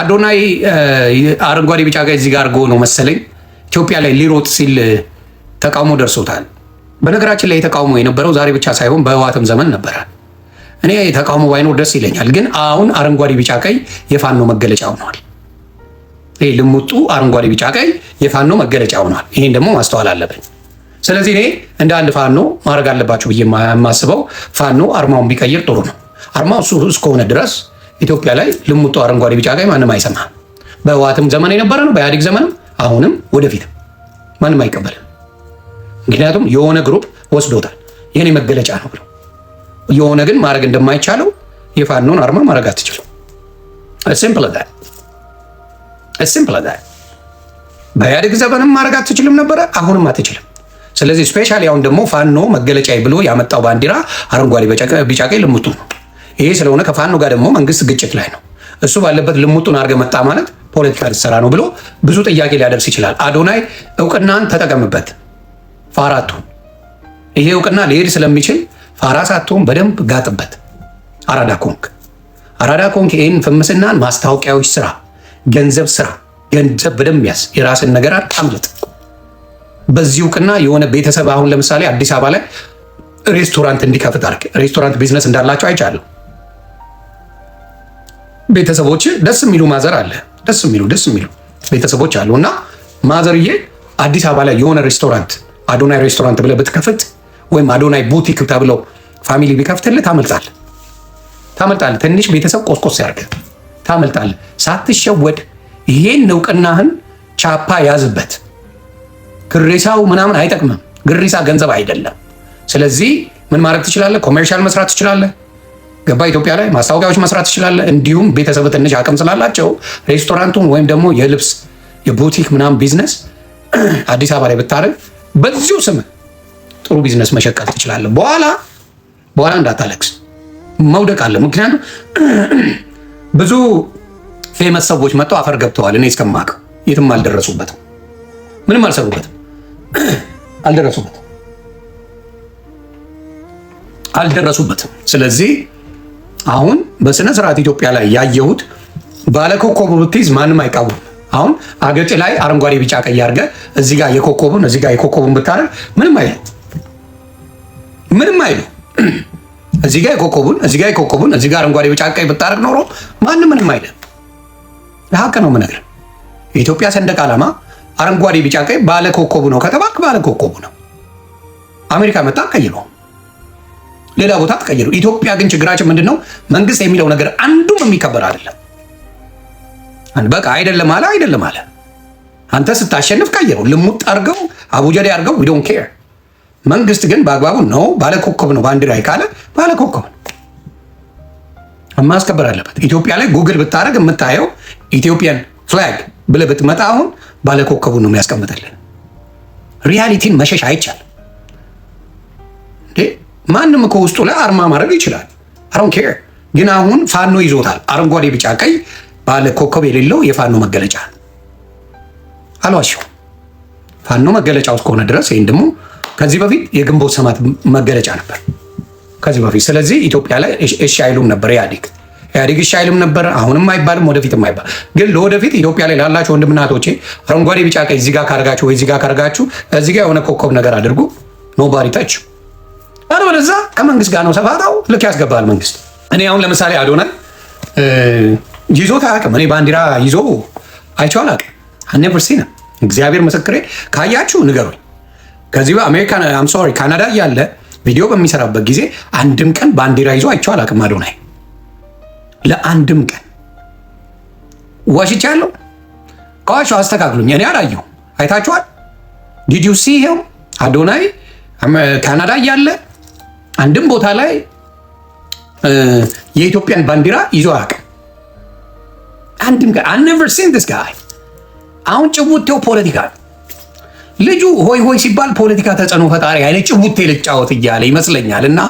አዶናይ አረንጓዴ ቢጫ ቀይ እዚህ ጋር ነው መሰለኝ ኢትዮጵያ ላይ ሊሮጥ ሲል ተቃውሞ ደርሶታል። በነገራችን ላይ የተቃውሞ የነበረው ዛሬ ብቻ ሳይሆን በህዋትም ዘመን ነበረ። እኔ ተቃውሞ ባይኖር ደስ ይለኛል፣ ግን አሁን አረንጓዴ ቢጫ ቀይ የፋኖ መገለጫ ሆኗል። ይህ ልሙጡ አረንጓዴ ቢጫ ቀይ የፋኖ መገለጫ ሆኗል። ይህን ደግሞ ማስተዋል አለብን። ስለዚህ እኔ እንደ አንድ ፋኖ ማድረግ አለባቸው ብዬ የማስበው ፋኖ አርማውን ቢቀይር ጥሩ ነው። አርማው እሱ እስከሆነ ድረስ ኢትዮጵያ ላይ ልሙጦ አረንጓዴ፣ ቢጫ፣ ቀይ ማንም አይሰማም። በህወሓትም ዘመን የነበረ ነው፣ በኢህአዴግ ዘመንም፣ አሁንም ወደፊትም ማንም አይቀበልም። ምክንያቱም የሆነ ግሩፕ ወስዶታል የኔ መገለጫ ነው ብለው የሆነ ግን ማድረግ እንደማይቻለው የፋኖን አርማ ማድረግ አትችልም። በኢህአዴግ ዘመንም ማድረግ አትችልም ነበረ፣ አሁንም አትችልም። ስለዚህ ስፔሻሊ አሁን ደግሞ ፋኖ መገለጫ ብሎ ያመጣው ባንዲራ አረንጓዴ፣ ቢጫ፣ ቀይ ልሙጡ ነው። ይሄ ስለሆነ ከፋኖ ጋር ደግሞ መንግስት ግጭት ላይ ነው። እሱ ባለበት ልሙጡን አድርገ መጣ ማለት ፖለቲካ ልትሰራ ነው ብሎ ብዙ ጥያቄ ሊያደርስ ይችላል። አዶናይ እውቅናን ተጠቀምበት፣ ፋራቱ ይሄ እውቅና ሊሄድ ስለሚችል ፋራ ሳትሆን በደንብ ጋጥበት። አራዳ ኮንክ አራዳ ኮንክ ይህን ፍምስናን ማስታወቂያዎች ስራ፣ ገንዘብ ስራ፣ ገንዘብ በደንብ ያዝ። የራስን ነገር አጣምልጥ። በዚህ እውቅና የሆነ ቤተሰብ አሁን ለምሳሌ አዲስ አበባ ላይ ሬስቶራንት እንዲከፍት አድርግ። ሬስቶራንት ቢዝነስ እንዳላቸው አይቻለሁ። ቤተሰቦች ደስ የሚሉ ማዘር አለ ደስ የሚሉ ደስ የሚሉ ቤተሰቦች አሉ እና ማዘርዬ አዲስ አበባ ላይ የሆነ ሬስቶራንት አዶናይ ሬስቶራንት ብለህ ብትከፍት ወይም አዶናይ ቡቲክ ተብለው ፋሚሊ ቢከፍትልህ ታመልጣል ታመልጣል። ትንሽ ቤተሰብ ቆስቆስ ያርገ ታመልጣል። ሳትሸወድ ይሄን እውቅናህን ቻፓ ያዝበት። ግሪሳው ምናምን አይጠቅምም። ግሪሳ ገንዘብ አይደለም። ስለዚህ ምን ማድረግ ትችላለህ? ኮሜርሻል መስራት ትችላለህ። ገባ ኢትዮጵያ ላይ ማስታወቂያዎች መስራት ትችላለህ። እንዲሁም ቤተሰብ ትንሽ አቅም ስላላቸው ሬስቶራንቱን ወይም ደግሞ የልብስ የቡቲክ ምናምን ቢዝነስ አዲስ አበባ ላይ ብታደርግ በዚሁ ስም ጥሩ ቢዝነስ መሸቀል ትችላለህ። በኋላ በኋላ እንዳታለቅስ መውደቅ አለ። ምክንያቱም ብዙ ፌመስ ሰዎች መጥተው አፈር ገብተዋል። እኔ እስከማውቅ የትም አልደረሱበትም፣ ምንም አልሰሩበትም፣ አልደረሱበትም አልደረሱበትም። ስለዚህ አሁን በስነ ስርዓት ኢትዮጵያ ላይ ያየሁት ባለኮከቡ ብትይዝ ማንም አይቃወም። አሁን አገጭ ላይ አረንጓዴ፣ ቢጫ፣ ቀይ አድርገ እዚህ ጋር የኮከቡን እዚህ ጋር የኮከቡን ብታደርግ ምንም አይሉ ምንም አይሉ። እዚህ ጋር የኮከቡን እዚህ ጋር የኮከቡን እዚህ ጋር አረንጓዴ፣ ቢጫ፣ ቀይ ብታደርግ ኖሮ ማንም ምንም አይልም። ለሀቅ ነው ምነግር የኢትዮጵያ ሰንደቅ ዓላማ አረንጓዴ፣ ቢጫ፣ ቀይ ባለኮከቡ ነው ከተባክ ባለኮከቡ ነው። አሜሪካ መጣ ቀይ ነው። ሌላ ቦታ ተቀየሩ። ኢትዮጵያ ግን ችግራችን ምንድን ነው? መንግስት የሚለው ነገር አንዱም የሚከበር አይደለም። በቃ አይደለም አለ አይደለም አለ። አንተ ስታሸንፍ ቀይረው፣ ልሙጥ አድርገው፣ አቡጀዴ አድርገው፣ ዶን ኬር። መንግስት ግን በአግባቡ ነው። ባለኮከብ ነው ባንዲራ ካለ ባለኮከብ ነው ማስከበር አለበት። ኢትዮጵያ ላይ ጉግል ብታደረግ የምታየው ኢትዮጵያን ፍላግ ብለ ብትመጣ አሁን ባለኮከቡ ነው የሚያስቀምጠልን። ሪያሊቲን መሸሽ አይቻልም እንዴ? ማንም እኮ ውስጡ ላይ አርማ ማድረግ ይችላል። አሮን ኬር ግን አሁን ፋኖ ይዞታል። አረንጓዴ፣ ቢጫ፣ ቀይ ባለ ኮከብ የሌለው የፋኖ መገለጫ አሏቸው። ፋኖ መገለጫው እስከሆነ ድረስ ይህም ደግሞ ከዚህ በፊት የግንቦት ሰማት መገለጫ ነበር ከዚህ በፊት። ስለዚህ ኢትዮጵያ ላይ እሺ አይሉም ነበር ኢህአዴግ ኢህአዴግ እሺ አይሉም ነበር። አሁንም አይባልም፣ ወደፊትም አይባል። ግን ለወደፊት ኢትዮጵያ ላይ ላላችሁ ወንድም እህቶቼ አረንጓዴ፣ ቢጫ፣ ቀይ እዚህ ጋር ካርጋችሁ ወይ እዚህ ጋር ካርጋችሁ እዚህ ጋር የሆነ ኮከብ ነገር አድርጉ። ኖባሪ ታች አለበለዚያ ከመንግስት ጋር ነው ሰፋታው። ልክ ያስገባል መንግስት። እኔ አሁን ለምሳሌ አዶናይ ይዞት አያውቅም። እኔ ባንዲራ ይዞ አይቼው አላውቅም። አኔቨርሲ ነው እግዚአብሔር ምስክሬ። ካያችሁ ንገሩኝ። ከዚህ አሜሪካ አም ሶሪ ካናዳ እያለ ቪዲዮ በሚሰራበት ጊዜ አንድም ቀን ባንዲራ ይዞ አይቼው አላውቅም። አዶናይ ለአንድም ቀን ዋሽቻለሁ። ከዋሻ አስተካክሉኝ። እኔ አላየሁም። አይታችኋል? ዲድ ዩ ሲ ሂም አዶናይ ካናዳ እያለ አንድም ቦታ ላይ የኢትዮጵያን ባንዲራ ይዞ አያውቅም። አንድም ጋር አነቨር ሲን ስ ጋር አሁን ጭቡቴው ፖለቲካ ልጁ ሆይ ሆይ ሲባል ፖለቲካ ተጽዕኖ ፈጣሪ አይነ ጭቡቴ ልጫወት እያለ ይመስለኛል። እና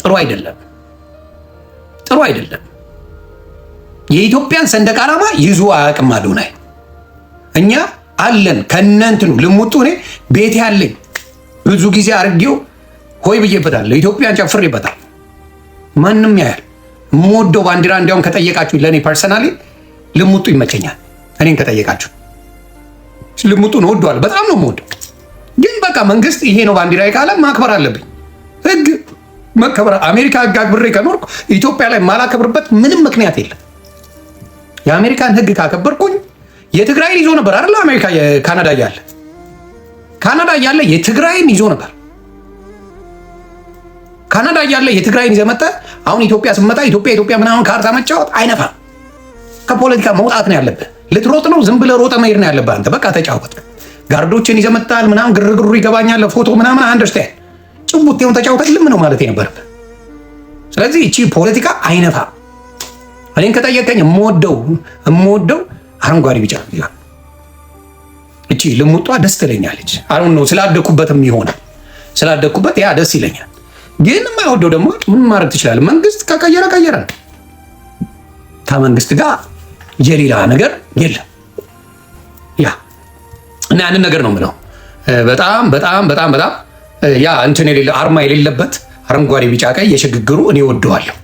ጥሩ አይደለም፣ ጥሩ አይደለም። የኢትዮጵያን ሰንደቅ ዓላማ ይዞ አያውቅም። አዶናይ እኛ አለን ከእነ እንትኑ ልሙጡ እኔ ቤት ያለኝ ብዙ ጊዜ አርጌው ሆይ ብዬበታለሁ። ኢትዮጵያን ጨፍሬበታል። ማንም ያያል። የምወደው ባንዲራ እንዲያውም ከጠየቃችሁ ለእኔ ፐርሰናሊ ልሙጡ ይመቸኛል። እኔን ከጠየቃችሁ ልሙጡን እወደዋለሁ። በጣም ነው የምወደው። ግን በቃ መንግስት ይሄ ነው ባንዲራ ቃለ ማክበር አለብኝ። ህግ መከበር አሜሪካ ህግ አክብሬ ከኖርኩ ኢትዮጵያ ላይ ማላከብርበት ምንም ምክንያት የለም። የአሜሪካን ህግ ካከበርኩኝ የትግራይን ይዞ ነበር አይደለ? አሜሪካ ካናዳ እያለ ካናዳ እያለ የትግራይን ይዞ ነበር። ካናዳ እያለ የትግራይን ይዘመጠ አሁን ኢትዮጵያ ስመጣ ኢትዮጵያ ኢትዮጵያ ምናምን ካርታ መጫወት አይነፋም። ከፖለቲካ መውጣት ነው ያለብህ። ልትሮጥ ነው ዝም ብለህ ሮጠህ መሄድ ነው ያለብህ። አንተ በቃ ተጫወት። ጋርዶችን ይዘመጣል መጥተሃል ምናምን ግርግሩ ይገባኛል ለፎቶ ምናምን አንደርስታንድ ጭቡቴውን ተጫውተ ልም ነው ማለት የነበረብህ። ስለዚህ እቺ ፖለቲካ አይነፋ። እኔን ከጠየቀኝ የምወደው የምወደው አረንጓዴ ቢጫ ይላል። እቺ ልሙጧ ደስ ትለኛለች። አሁን ነው ስላደኩበትም ይሆናል ስላደኩበት ያ ደስ ይለኛል። ግን የማይወደው ደግሞ ምን ማድረግ ትችላል? መንግስት ከቀየረ ቀየረ። ከመንግስት ጋር የሌላ ነገር የለም። ያ እና ያንን ነገር ነው ምለው በጣም በጣም በጣም በጣም ያ እንትን የሌለ አርማ የሌለበት አረንጓዴ ቢጫ ቀይ የሽግግሩ እኔ ወደዋለሁ።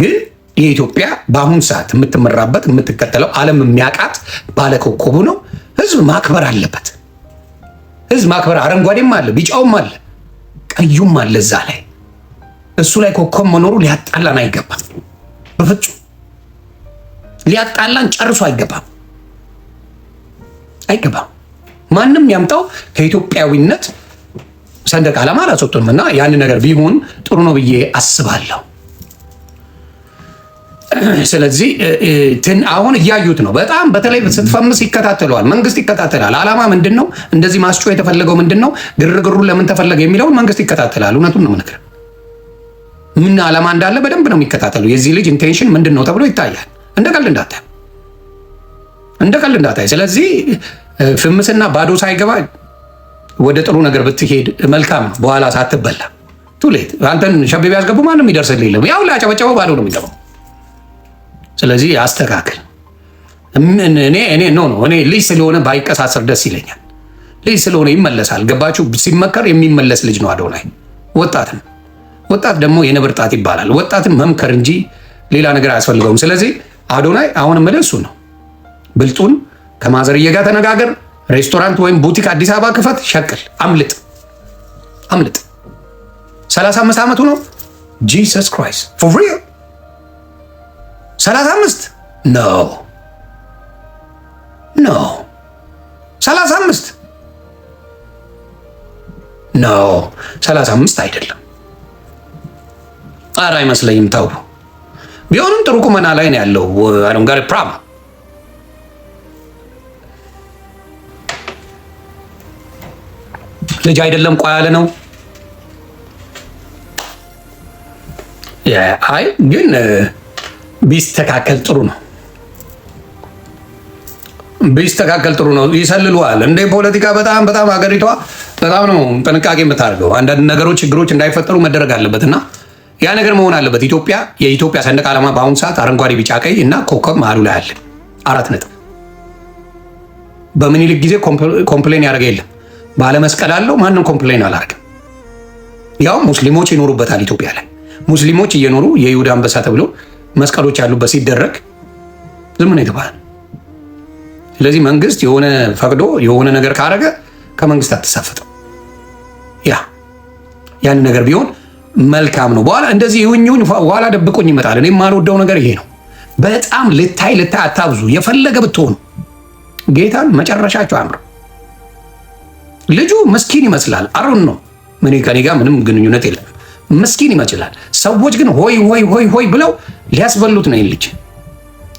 ግን የኢትዮጵያ በአሁን ሰዓት የምትመራበት የምትከተለው ዓለም የሚያውቃት ባለኮከቡ ነው። ህዝብ ማክበር አለበት። ህዝብ ማክበር አረንጓዴም አለ ቢጫውም አለ ቀዩም አለ እዛ ላይ እሱ ላይ ኮከብ መኖሩ ሊያጣላን አይገባም። በፍጹም ሊያጣላን ጨርሶ አይገባም አይገባም። ማንም ያምጣው ከኢትዮጵያዊነት ሰንደቅ ዓላማ አላስወጡንም እና ያን ነገር ቢሆን ጥሩ ነው ብዬ አስባለሁ። ስለዚህ አሁን እያዩት ነው። በጣም በተለይ ስትፈምስ ይከታተለዋል፣ መንግስት ይከታተላል። አላማ ምንድን ነው? እንደዚህ ማስጮ የተፈለገው ምንድን ነው? ግርግሩን ለምን ተፈለገ የሚለውን መንግስት ይከታተላል። እውነቱን ነው ምንክር ምን አላማ እንዳለ በደንብ ነው የሚከታተሉ። የዚህ ልጅ ኢንቴንሽን ምንድን ነው ተብሎ ይታያል። እንደ ቀልድ እንዳታይ፣ እንደ ቀልድ እንዳታይ። ስለዚህ ፍምስና ባዶ ሳይገባ ወደ ጥሩ ነገር ብትሄድ መልካም ነው። በኋላ ሳትበላ ቱሌት አንተን ሸብቤ ያስገቡ ማንም ይደርስልህ የለም። ያው ላጨበጨበው ባዶ ነው የሚገባው። ስለዚህ አስተካክል። እኔ እኔ ኖ ነው እኔ ልጅ ስለሆነ ባይቀሳሰር ደስ ይለኛል። ልጅ ስለሆነ ይመለሳል። ገባችሁ? ሲመከር የሚመለስ ልጅ ነው አዶናይ። ወጣት ነው። ወጣት ደግሞ የነብር ጣት ይባላል። ወጣትን መምከር እንጂ ሌላ ነገር አያስፈልገውም። ስለዚህ አዶናይ አሁን መለሱ ነው። ብልጡን ከማዘርዬ ጋር ተነጋገር። ሬስቶራንት ወይም ቡቲክ አዲስ አበባ ክፈት። ሸቅል፣ አምልጥ፣ አምልጥ። 35 ዓመቱ ነው። ጂሰስ ክራይስት ፎር ሪል ሰላሳ አምስት ኖ ኖ ሰላሳ አምስት ኖ ሰላሳ አምስት አይደለም። ኧረ አይመስለኝም። ተው ቢሆንም ጥሩ ቁመና ላይ ነው ያለው። አሁን ጋር ፕራም ልጅ አይደለም ቋ ያለ ነው። አይ ግን ቢስተካከል ጥሩ ነው። ቢስተካከል ጥሩ ነው። ይሰልሉዋል እንደ ፖለቲካ በጣም በጣም ሀገሪቷ በጣም ነው ጥንቃቄ የምታደርገው። አንዳንድ ነገሮች፣ ችግሮች እንዳይፈጠሩ መደረግ አለበት እና ያ ነገር መሆን አለበት። ኢትዮጵያ የኢትዮጵያ ሰንደቅ ዓላማ በአሁኑ ሰዓት አረንጓዴ፣ ቢጫ፣ ቀይ እና ኮከብ መሀሉ ላይ አለ። አራት ነጥብ። በምኒልክ ጊዜ ኮምፕሌን ያደርገ የለም። ባለመስቀል አለው ማንም ኮምፕሌን አላደርግም። ያው ሙስሊሞች ይኖሩበታል ኢትዮጵያ ላይ ሙስሊሞች እየኖሩ የይሁዳ አንበሳ ተብሎ መስቀሎች ያሉበት ሲደረግ ዝም ነው የተባለ። ስለዚህ መንግስት የሆነ ፈቅዶ የሆነ ነገር ካደረገ ከመንግስት አትሳፈጠው። ያ ያን ነገር ቢሆን መልካም ነው። በኋላ እንደዚህ ይሁኝሁኝ በኋላ ደብቆኝ ይመጣል። እኔ የማልወደው ነገር ይሄ ነው። በጣም ልታይ ልታይ አታብዙ። የፈለገ ብትሆኑ ጌታን መጨረሻቸው አያምርም። ልጁ ምስኪን ይመስላል። አሩን ነው ምን ከኔ ጋር ምንም ግንኙነት የለም። ምስኪን ይመስላል። ሰዎች ግን ሆይ ሆይ ሆይ ሆይ ብለው ሊያስበሉት ነው ልጅ።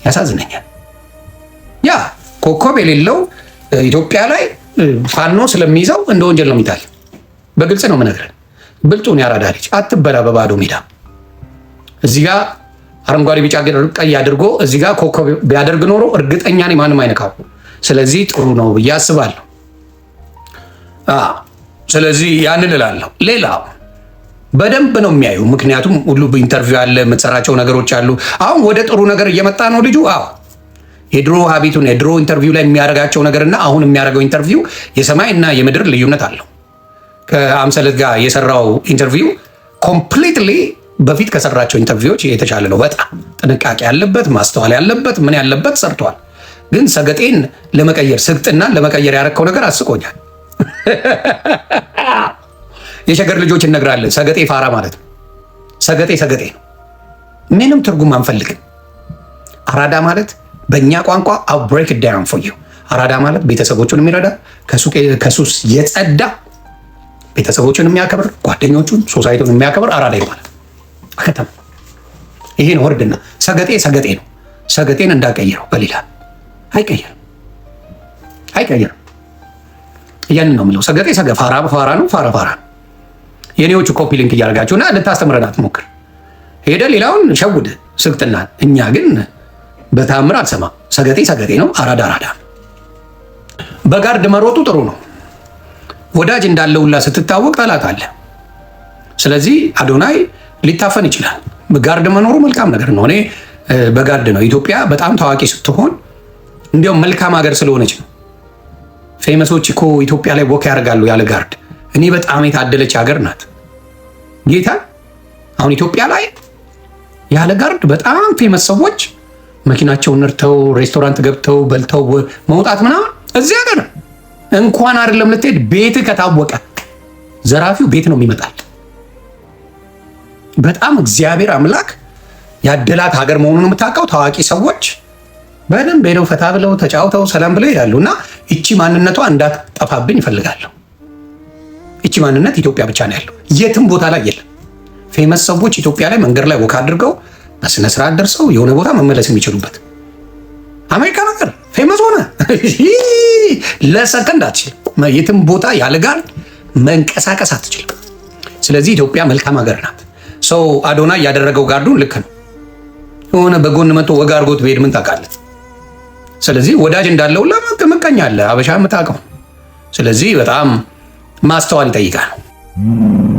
ያሳዝነኛል። ያ ኮከብ የሌለው ኢትዮጵያ ላይ ፋኖ ስለሚይዘው እንደ ወንጀል ነው የሚታል። በግልጽ ነው የምነግርህ። ብልጡን ያራዳ ልጅ አትበላ በባዶ ሜዳ። እዚህ ጋ አረንጓዴ፣ ቢጫ፣ ቀይ አድርጎ እዚህ ጋ ኮከብ ቢያደርግ ኖሮ እርግጠኛ ነኝ ማንም አይነካው። ስለዚህ ጥሩ ነው ብዬ አስባለሁ። ስለዚህ ያንን እላለሁ። ሌላ በደንብ ነው የሚያዩ። ምክንያቱም ሁሉ ኢንተርቪው አለ፣ የምትሰራቸው ነገሮች አሉ። አሁን ወደ ጥሩ ነገር እየመጣ ነው ልጁ። አዎ የድሮ ሀቢቱን የድሮ ኢንተርቪው ላይ የሚያደርጋቸው ነገርና አሁን የሚያደርገው ኢንተርቪው የሰማይ እና የምድር ልዩነት አለው። ከአምሰለት ጋር የሰራው ኢንተርቪው ኮምፕሊትሊ በፊት ከሰራቸው ኢንተርቪዎች የተሻለ ነው። በጣም ጥንቃቄ ያለበት ማስተዋል ያለበት ምን ያለበት ሰርቷል። ግን ሰገጤን ለመቀየር ስግጥናን ለመቀየር ያደረግከው ነገር አስቆኛል። የሸገር ልጆች እነግራለን። ሰገጤ ፋራ ማለት ነው። ሰገጤ ሰገጤ ነው። ምንም ትርጉም አንፈልግም። አራዳ ማለት በእኛ ቋንቋ አው ብሬክ ዳውን ፎር ዩ አራዳ ማለት ቤተሰቦቹን የሚረዳ ከሱስ የጸዳ ቤተሰቦቹን የሚያከብር ጓደኞቹን፣ ሶሳይቱን የሚያከብር አራዳ ይባላል። አከተም ይሄ ነው ወርድና ሰገጤ ሰገጤ ነው። ሰገጤን እንዳቀይረው በሌላ አይቀይርም፣ አይቀይርም። ያንን ነው የምለው። ሰገጤ ሰገ ፋራ ፋራ ነው። ፋራ ፋራ ነው። የኔዎቹ ኮፒ ሊንክ እያደረጋችሁ እና ልታስተምረን አትሞክር። ሄደ ሌላውን ሸውድ ስቅጥናል። እኛ ግን በተአምር አልሰማ። ሰገጤ ሰገጤ ነው፣ አራዳ አራዳ። በጋርድ መሮጡ ጥሩ ነው። ወዳጅ እንዳለ ሁላ ስትታወቅ ጠላት አለ። ስለዚህ አዶናይ ሊታፈን ይችላል። በጋርድ መኖሩ መልካም ነገር ነው። እኔ በጋርድ ነው ኢትዮጵያ በጣም ታዋቂ ስትሆን እንዲያውም መልካም ሀገር ስለሆነች ነው። ፌመሶች እኮ ኢትዮጵያ ላይ ወክ ያደርጋሉ ያለ ጋርድ። እኔ በጣም የታደለች ሀገር ናት። ጌታ አሁን ኢትዮጵያ ላይ ያለ ጋርድ በጣም ፌመስ ሰዎች መኪናቸውን ነርተው ሬስቶራንት ገብተው በልተው መውጣት ምናምን እዚህ ሀገር እንኳን አይደለም ልትሄድ ቤት ከታወቀ ዘራፊው ቤት ነው የሚመጣል። በጣም እግዚአብሔር አምላክ ያደላት ሀገር መሆኑን የምታውቀው ታዋቂ ሰዎች በደንብ ሄደው ፈታ ብለው ተጫውተው ሰላም ብለው ይላሉ። እና እቺ ማንነቷ እንዳትጠፋብን ይፈልጋለሁ። እቺ ማንነት ኢትዮጵያ ብቻ ነው ያለው። የትም ቦታ ላይ የለም። ፌመስ ሰዎች ኢትዮጵያ ላይ መንገድ ላይ ወክ አድርገው በስነ ስርዓት ደርሰው የሆነ ቦታ መመለስ የሚችሉበት አሜሪካ ነገር ፌመስ ሆነ ለሰከንድ አትችልም። የትም ቦታ ያለ ጋር መንቀሳቀስ አትችልም። ስለዚህ ኢትዮጵያ መልካም ሀገር ናት። ሰው አዶና እያደረገው ጋርዱን ልክ ነው። የሆነ በጎን መቶ ወግ አድርጎት ብሄድ ምን ታውቃለህ? ስለዚህ ወዳጅ እንዳለው ምቀኛ አለ፣ አበሻ የምታውቀው። ስለዚህ በጣም ማስተዋል ይጠይቃል።